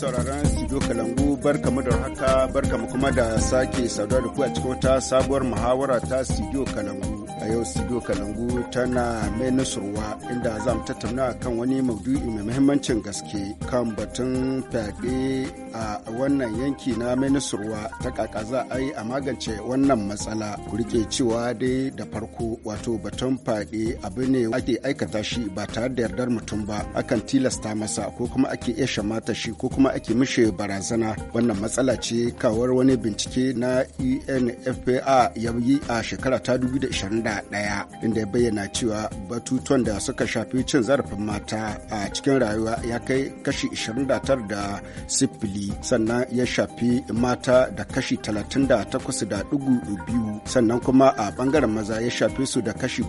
sauraron studio kalangu barkamu da haka mu kuma da sake saduwa da ku a cikin wata sabuwar muhawara ta studio kalangu a yau studio kalangu tana mai nasurwa inda za mu tattauna kan wani maudu'i mai muhimmancin gaske kan batun fyaɗe a wannan yanki na mai nasurwa ta kaka za a yi a magance wannan matsala rike cewa dai da farko wato batun fyaɗe abu ne ake aikata shi ba tare da yardar mutum ba akan tilasta masa ko kuma ake iya shamata shi ko kuma ake mishe barazana wannan matsala ce kawar wani bincike na enfpa ya yi a shekara ta 2021 inda ya bayyana cewa batutuwan da suka shafi cin zarafin mata a cikin rayuwa ya kai kashi 29 da sifili sannan ya shafi mata da kashi da biyu sannan kuma a bangaren maza ya shafe su da kashi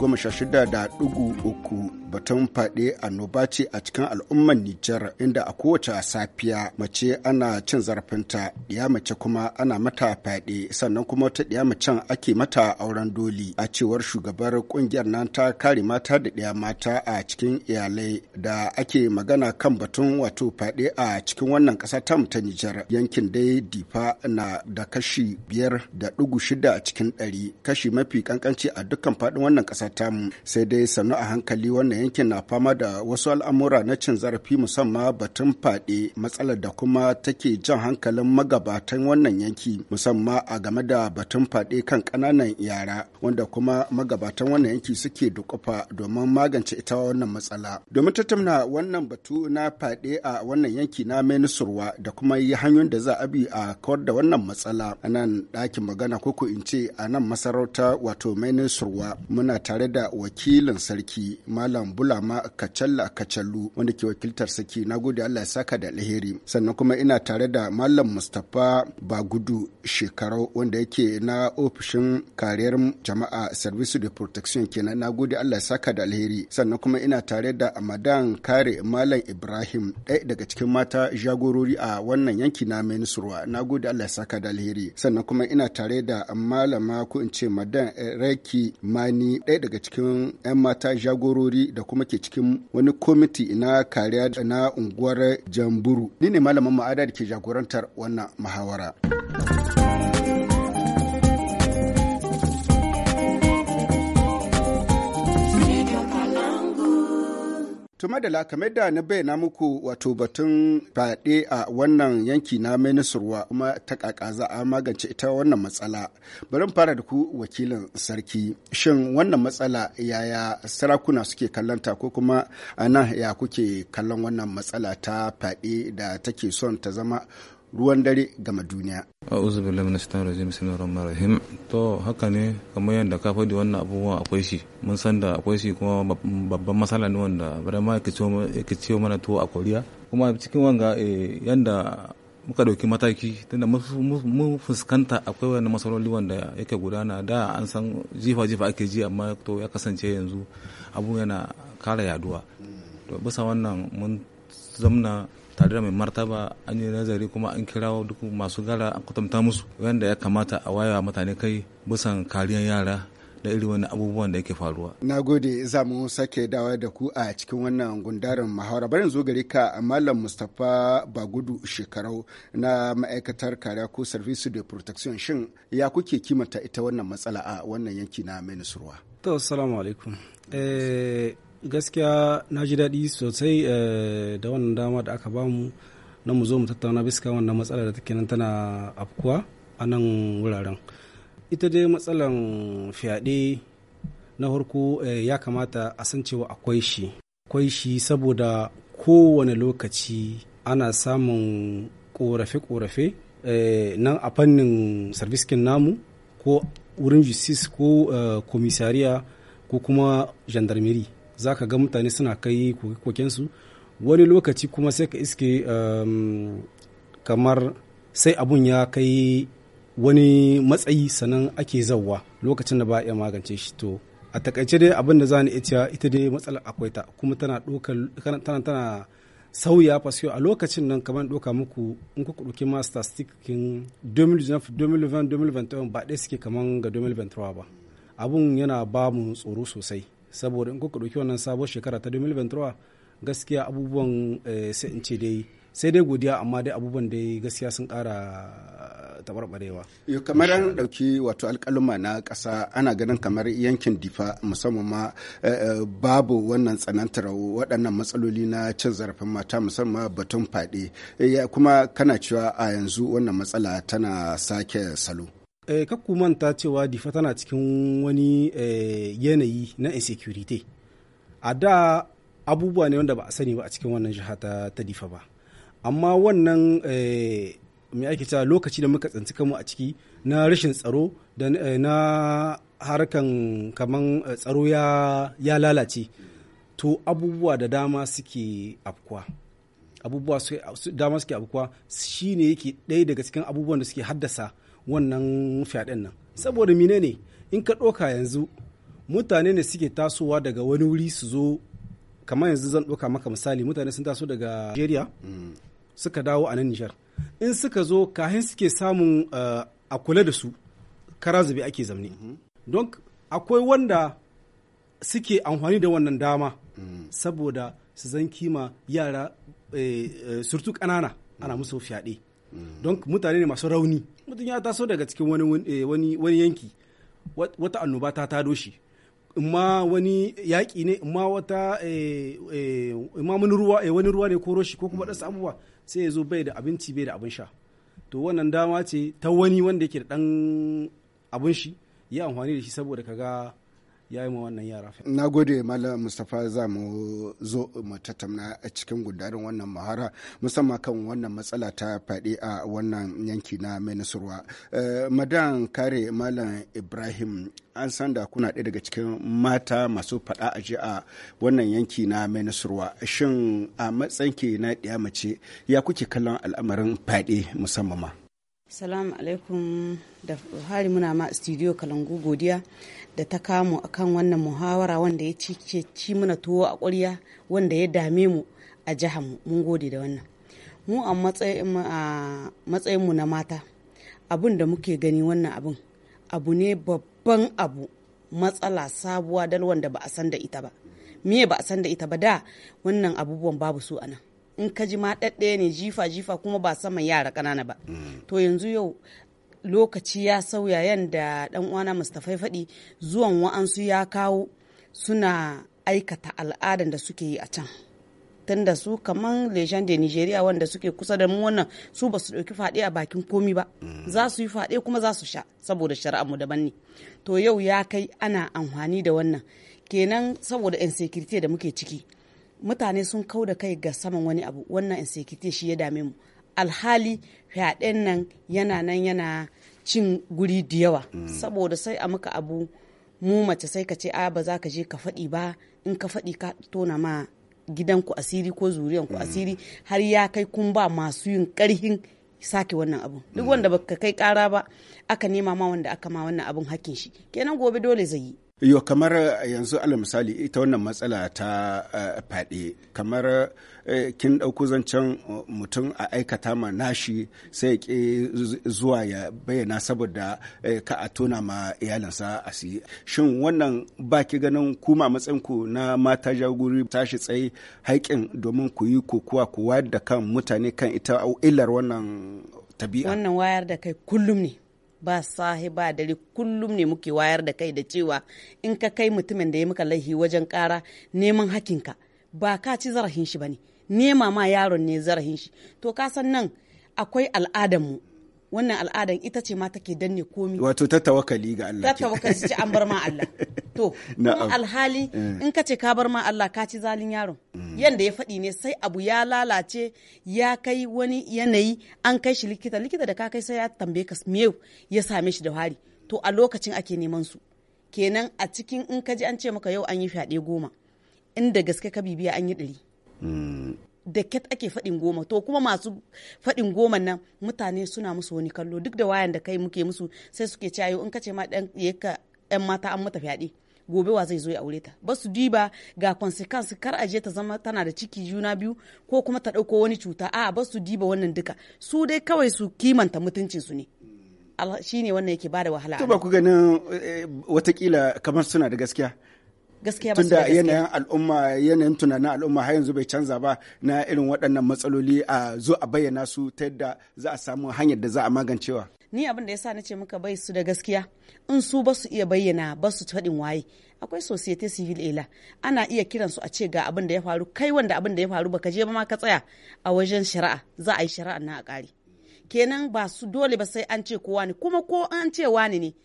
da uku. batun fade annoba ce a cikin al'ummar Nijar inda a kowace safiya mace ana cin zarafinta ya mace kuma ana mata fade sannan kuma ta ɗiya macen ake mata auren doli a cewar shugabar ƙungiyar nan ta kare mata da ɗiya mata a cikin iyalai da ake magana kan batun wato fade a cikin wannan ƙasa ta ta Nijar yankin dai difa na da kashi biyar da ɗigo shida a cikin ɗari kashi mafi kankanci a dukkan faɗin wannan ƙasa tamu sai dai sannu a hankali wannan yankin na fama da wasu al'amura na cin zarafi musamman batun fade matsalar da kuma take jan hankalin magabatan wannan yanki musamman a game da batun fade kan ƙananan yara wanda kuma magabatan wannan yanki suke dukufa domin magance ita wannan matsala. Domin tattauna wannan batu na fade a wannan yanki na Minisurwa da kuma yi hanyoyin da za a bi a kawar da wannan matsala a nan ɗakin magana koko in ce a nan masarauta wato Minisurwa muna tare da wakilin sarki Malam malam bulama kacalla kacallu wanda ke wakiltar saki na gode allah ya saka da alheri sannan kuma ina tare da malam mustapha bagudu shekarau wanda yake na ofishin kariyar jama'a service de protection kenan na gode allah ya saka da alheri sannan kuma ina tare da amadan kare malam ibrahim ɗaya daga cikin mata jagorori a wannan yanki na menisurwa na gode allah ya saka da alheri sannan kuma ina tare da malama ko in ce madan reki mani ɗaya daga cikin 'yan mata jagorori da da kuma ke cikin wani komiti na kariya na unguwar Jamburu. Ni ne malamin ma'ada da ke jagorantar wannan muhawara. Tuma da kamar da na bayyana muku wato batun fyaɗe a wannan yanki na menisurwa kuma ta kaka za a magance ita wannan matsala. Bari fara da ku wakilin sarki. Shin wannan matsala yaya sarakuna suke kallonta ko kuma ana ya kuke kallon wannan matsala ta fyaɗe da take son ta zama ruwan dare game duniya. a'udhu uzu minash rajim bismillahir rahmanir rahim to haka ne kamar yadda ka faɗi wannan abubuwan akwai shi mun san da akwai shi kuma babban matsala ne wanda yake ciwo mana tuwo a koriya kuma cikin wanga eh, yadda muka ɗauki mataki tunda mu fuskanta akwai wani matsaloli wanda yake gudana da an san jifa-jifa ake ji amma to ya kasance yanzu abu yana kara yaduwa to bisa wannan mun zamna tare da mai martaba an yi nazari kuma an kirawo duk masu gara an kwatanta musu wanda ya kamata a waya mutane kai bisan kariyar yara da irin wani abubuwan da yake faruwa. Na gode za mu sake dawa da ku a cikin wannan gundarin mahaura. barin zo gari ka Malam Mustapha Bagudu shekarau na ma'aikatar kariya ko Service de Protection shin ya kuke kimanta ita wannan matsala a wannan yanki na Minisurwa. To assalamu alaikum. Eh, gaskiya na ji daɗi sosai eh, da wannan dama da aka bamu na mu zo mu tattauna bisa wannan matsalar da take nan tana afkuwa a nan wuraren ita dai matsalar fyaɗe na farko eh, ya kamata a san cewa akwai shi akwai shi saboda kowane lokaci ana samun ƙorafe-ƙorafe eh, nan a fannin sarviskin namu ko wurin justice ko komisariya ko kuma gendarmerie za ka ga mutane suna kai kokensu wani lokaci kuma sai ka iske um, kamar sai abun ya kai wani matsayi sannan ake zauwa lokacin da ba a iya magance shi to a takaice dai abin da za ni iya ita dai matsalar akwai ta kuma tana ɗaukar tana tana sauya paske a lokacin nan kamar ɗauka muku in kuka ɗauki ma statistikin 2020-2021 ba ɗaya suke kamar ga 2023 ba abun yana ba mu tsoro sosai saboda in kuka ɗauki wannan sabon shekara ta 2023 gaskiya abubuwan eh, sai in ce dai sai dai godiya amma dai abubuwan dai gaskiya sun ƙara tabarbarewa. kamar an ɗauki wato alƙaluma na ƙasa ana ganin kamar yankin difa musamman ma eh, eh, babu wannan tsanantar waɗannan matsaloli na cin zarafin mata musamman batun faɗi kuma kana cewa a yanzu wannan matsala tana sake salo. Eh, kakku manta cewa difa tana cikin wani eh, yanayi na insecurity a da abubuwa ne wanda ba a sani ba a cikin wannan jiha ta, difa ba amma wannan eh, mai ake cewa lokaci da muka tsinci kanmu a ciki na rashin tsaro da na harkan kaman tsaro ya, lalace to abubuwa da dama suke afkuwa abubuwa dama suke shi shine yake ɗaya daga cikin abubuwan da suke haddasa wannan fyaɗen nan saboda mine ne in ka ɗoka yanzu mutane ne suke tasowa daga wani wuri su zo kamar yanzu zan ɗoka maka misali mutane sun taso daga nigeria suka dawo a nan nijar in suka zo kahin suke samun eh, a kula da su kara zube ake zamne don akwai wanda suke amfani da wannan dama saboda su zan kima yara eh, eh, surtu ƙanana ana musu fyaɗe don mutane ne masu rauni mutum ya taso daga cikin wani eh, yanki wata annoba ta tado shi ma wani yaƙi ne ma wata eh, eh, ma wani ruwa wani ruwa ne ko roshi ko kuma ɗansa abubuwa sai ya zo bai da abinci bai da abin sha to wannan dama ce ta wani wanda yake da ɗan abin shi ya amfani da shi saboda kaga ya yi ma wannan yara na gode malam mustapha za mu zo mu tattauna a cikin gudarin wannan mahara musamman kan wannan matsala ta faɗi a wannan yanki na minisurwa eh, madan kare malam ibrahim an san da kuna ɗaya daga cikin mata masu faɗa a ji a wannan yanki na minisurwa shin a matsanki na ɗiya mace ya kuke kallon al'amarin faɗi musamman ma salamu alaikum da hari muna ma studio kalangu godiya da ta kamo kan wannan muhawara wanda ya ci ci muna tuwo a ƙwarya wanda ya dame mu a jihar mu mun gode da wannan mu a matsayin mu na mata abun da muke gani wannan abun abu ne babban abu matsala sabuwa dal wanda ba a san da ita ba me ba a san da ita ba da wannan abubuwan babu su a nan in ka ji ma ne jifa jifa kuma ba saman yara ƙanana ba mm. to yanzu yau lokaci ya sauya yadda ɗan uwana Mustafa faɗi zuwan wa'ansu ya kawo suna aikata al'adan da suke yi a can tunda su kaman lejan da nigeria wanda suke kusa da mu wannan su ba su ɗauki faɗe a bakin komi ba mm. za su yi faɗe kuma za su sha saboda shari'a mu daban ne to yau ya kai ana amfani da wannan kenan saboda insecurity da muke ciki mutane sun kau da kai ga saman wani abu wannan insecurity shi ya dame mu alhali fyaɗen nan yana nan yana cin guri da yawa mm. saboda sai a muka abu mu mace sai ka ce a ba za ka je ka faɗi ba in ka faɗi ka tona ma gidanku asiri ko ku mm. asiri har ya kai kun ba masu yin ƙarhin sake wannan abu duk mm. wanda baka kai ƙara ba aka nema ma wanda aka ma wannan abun hakkin shi kenan gobe dole zai yi Yo kamar eh, yanzu ala misali ita wannan matsala ta eh, faɗi kamar eh, kin ɗauko zancen mutum a aikata ma nashi sai ki zuwa ya bayyana saboda ka a tona ma iyalinsa siyi shin wannan baki ganin kuma matsayinku na mata jagori tashi tsaye haƙƙin domin ku yi kokuwa ku wayar da kan mutane kan ita illar wannan tabi'a wannan wayar da kai kullum ne ba sahi ba dare kullum ne muke wayar da kai da cewa in ka kai mutumin da ya maka laihi wajen kara neman hakinka ba ka ci zarafin shi bane nema ma yaron ne zarafin shi to ka san nan akwai al'adar mu wannan al'adan ita ce ma take danne komi wato ta tawakali ga Allah ta tawakali ci an bar ma Allah to kuma alhali eh. in ka ce ka bar ma Allah ka ci zalin yaron yadda ya faɗi ne sai abu ya lalace ya kai wani yanayi an kai shi likita likita da ka kai sai ya tambaye ka me ya same shi da hari to a lokacin ake neman su kenan a cikin in ka ji an ce maka yau an yi fyaɗe goma inda gaske ka bibiya an yi ɗari hmm. da ket ake faɗin goma to kuma masu faɗin goma nan mutane suna musu wani kallo duk da wayan da kai muke musu sai suke cayo in ka ce ma ɗan ka yan mata an mata fyaɗe gobe wa zai zo ya aure ta ba su diba ga consequence kar aje ta zama tana da ciki juna biyu ko kuma ta dauko wani cuta a ba su diba wannan duka su dai kawai su kimanta mutuncin su ne shi ne wannan yake bada wahala to ba ku ganin eh, eh, watakila kamar suna da gaskiya gaskiya ba tunda yanayin al'umma yanayin tunanin al'umma har yanzu bai canza ba na irin waɗannan matsaloli a zo a bayyana su ta yadda za a samu hanyar da za a magancewa ni abin da sa na ce muka bai su da gaskiya in su ba su iya bayyana ba su faɗin waye akwai societe civil ela ana iya kiran su a ce ga abin da ya faru kai wanda abin da ya faru baka je ba ma ka tsaya a wajen shari'a za a yi shari'a na a ƙari kenan ba su dole ba sai an ce kowa ne kuma ko an ce wani ne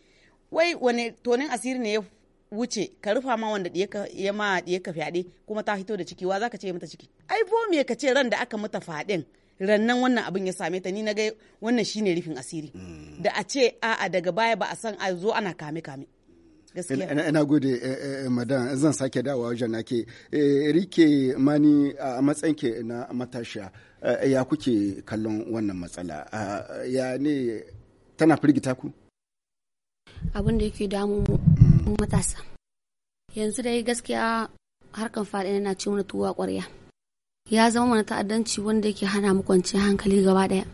wai wani tonin asiri ne ya wuce ka rufa ma wanda ya ma ka fyaɗe kuma ta fito da ciki wa zaka ce mata ciki ai bo me ka ce ran da aka mata faɗin rannan wannan abin ya same ta ni na ga wannan shine rufin asiri mm. da a ce a'a daga baya ba a san a zo ana kame kame ina gode eh, eh, madan zan sake dawowa wajen nake eh, rike mani a matsayin ke na matashiya ya kuke kallon wannan matsala ya ne tana firgita ku abin da yake damu matasa yanzu dai gaskiya harkan faɗi yana ci mana tuwa ƙwarya ya zama mana ta'addanci wanda yake hana mu kwanciyar hankali gaba ɗaya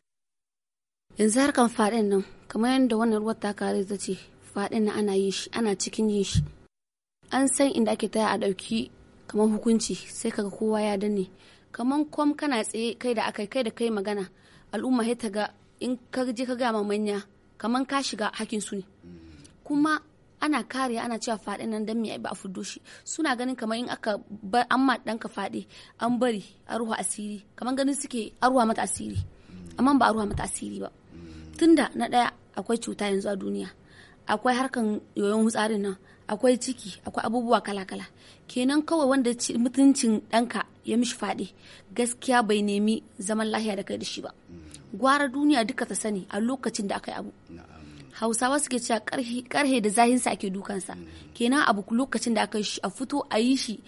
yanzu harkan faɗin nan kamar yadda wannan ruwan kare ta ce faɗin nan ana yin shi ana cikin yin shi an san inda ake taya a ɗauki kamar hukunci sai kaga kowa ya danne kamar kom kana tsaye kai da akai kai da kai magana al'umma ta ga in ka je ka gama manya kamar ka shiga hakin su ne kuma ana kare ana cewa faɗin nan dan me ba a fuddo shi suna ganin kamar in aka bar an ma ɗanka faɗi an bari a ruwa asiri kamar ganin suke a ruwa mata asiri amma ba a ruwa mata asiri ba tunda na ɗaya akwai cuta yanzu a duniya akwai harkan yoyon hutsarin nan akwai ciki akwai abubuwa kala-kala kenan kawai wanda mutuncin ɗanka ya mishi faɗi gaskiya bai nemi zaman lahiya da kai da shi ba gwara duniya duka ta sani a lokacin da aka yi abu hausawa suke cewa karhe da zahin sa ake dukansa kenan abu lokacin da aka a fito a yi shi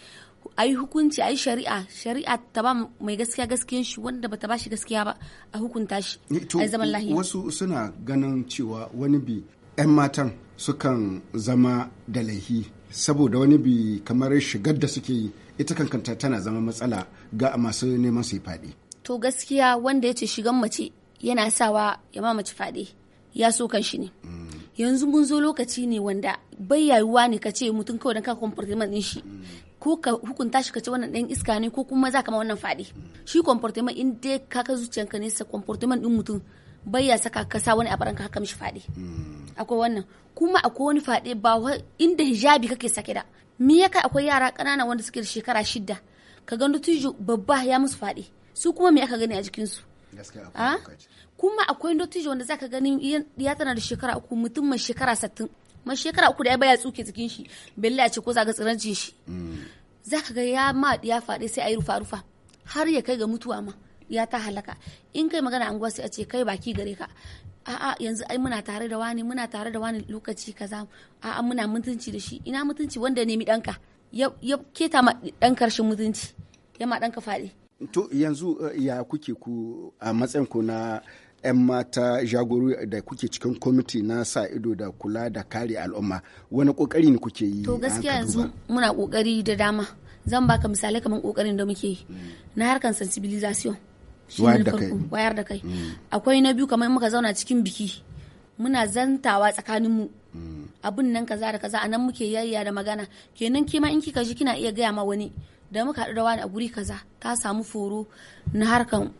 a yi hukunci a yi shari'a shari'a ta ba mai gaskiya gaskiyan shi wanda bata ba shi gaskiya ba a hukunta shi a zaman lahiya wasu suna ganin cewa wani bi 'yan matan sukan zama da laihi saboda wani bi kamar shigar da suke yi ita kankanta tana zama matsala ga masu neman su yi faɗi to gaskiya wanda ya ce shigan mace yana sawa ya ma mace faɗi ya so kan shi ne yanzu mun zo lokaci ne wanda bai yayuwa ne ka ce mutum kawai ka comportement din shi ko ka hukunta shi ka ce wannan dan iska ne ko kuma za ka ma wannan faɗi shi comportement in dai ka ka zuciyanka ne sa comportement din mutum bai ya saka ka sa wani a baranka haka mishi faɗi akwai wannan kuma akwai wani faɗi ba inda hijabi kake sake da me ya kai akwai yara ƙanana wanda suke da shekara shida ka ga dattijo babba ya musu faɗi su kuma me aka gani a jikinsu kuma akwai dotijo wanda zaka ganin ya tana da shekara uku mutum mai shekara sattin mai shekara uku da ya baya tsuke jikin shi bella ce ko zaka tsiranci shi mm. zaka ga ya ma ya faɗi sai a yi rufa rufa har ya kai ga mutuwa ma ya ta halaka in kai magana anguwa sai a ce kai baki gare ka a'a yanzu ai muna tare da wani muna tare da wani lokaci kaza a'a muna mutunci da shi ina mutunci wanda nemi danka ya keta ma dan karshen mutunci ya ma danka faɗi to yanzu eh, ya kuke ku a matsayin ku na 'yan mata jagoro da kuke cikin kwamiti na sa ido da kula da kare al'umma wani kokari ne kuke yi to gaskiya yanzu muna kokari da dama zan baka misalai kamar kokarin da muke yi mm. na harkar sensibilization wayar da kai mm. akwai na biyu kamar muka zauna cikin biki muna zantawa tsakaninmu mm. abun nan kaza da kaza anan muke yayya da magana kenan kima in kika ji kina iya gaya ma wani da muka haɗu da wani a guri kaza ka samu foro na harkar.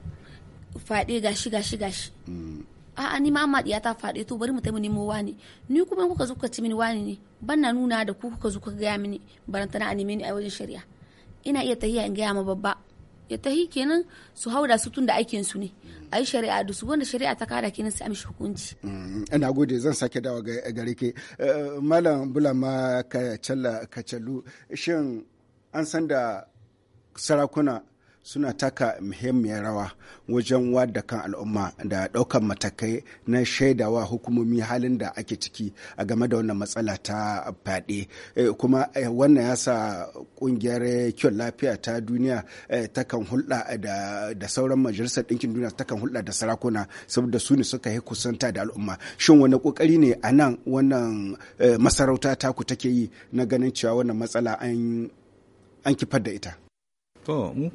faɗe gashi gashi gashi mm. a'a ni ma amma ta faɗe to bari mu taimu nemo wani ni kuma kuka zo kuka ci mini wani ne ban na nuna da ku kuka zo kuka gaya mini barantana a nemi ni a wajen shari'a ina iya tahiya in gaya ma babba ya tahi kenan su hauda su tun da aikin su ne a yi shari'a da su wanda shari'a ta kada kenan su amshi hukunci. Mm, ina gode zan sake dawa gare ke eh, malam bulama kacallu shin an san da sarakuna suna taka muhimmiyar rawa wajen wada kan al'umma da ɗaukan matakai na shaidawa hukumomi halin da ake ciki a game da wannan matsala ta fade eh, kuma eh, wannan ya sa ƙungiyar kyon lafiya ta duniya eh, ta kan hulɗa da sauran majalisar ɗinkin duniya ta kan hulɗa da sarakuna saboda su ne suka yi kusanta da al'umma shin wani ƙoƙari ne a nan wannan masarauta taku take yi na ganin cewa wannan matsala an kifar da ita To, mu